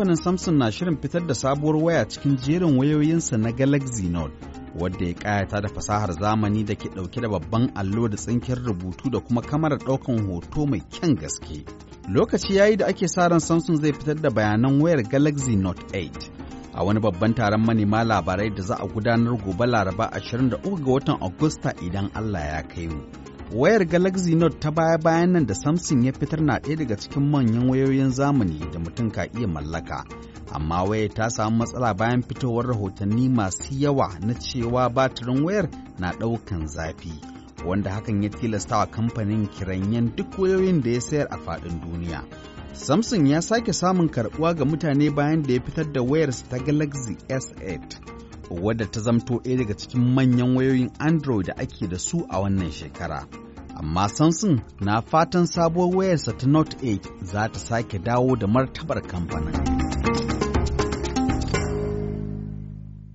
kamfanin Samsung na shirin fitar da sabuwar waya cikin jerin wayoyinsa na Galaxy Note, wadda ya kayata da fasahar zamani da ke dauke da babban allo da tsinkin rubutu da kuma kamarar daukan hoto mai kyan gaske. Lokaci yayi da ake sa ran Samsung zai fitar da bayanan wayar Galaxy Note 8. A wani babban taron manema labarai da za a gudanar gobe Laraba 23 ga watan Agusta idan Allah ya kai mu. Wayar Galaxy Note ta baya-bayan nan da Samsung ya fitar na ɗaya daga cikin manyan wayoyin zamani da mutum ka iya mallaka. Amma wayar ta samu matsala bayan fitowar rahotanni masu yawa na cewa batirin wayar na ɗaukan zafi. Wanda hakan ya tilastawa kamfanin kiranyen duk wayoyin da ya sayar a faɗin duniya. Samsung ya sake samun karɓuwa ga mutane bayan da ya fitar da wayarsa ta Galaxy S8. wadda ta zamto ɗaya daga cikin manyan wayoyin Android da ake da su a wannan shekara. Amma Samsung na fatan sabuwar wayarsa ta Note 8 za ta sake dawo da martabar kamfanin.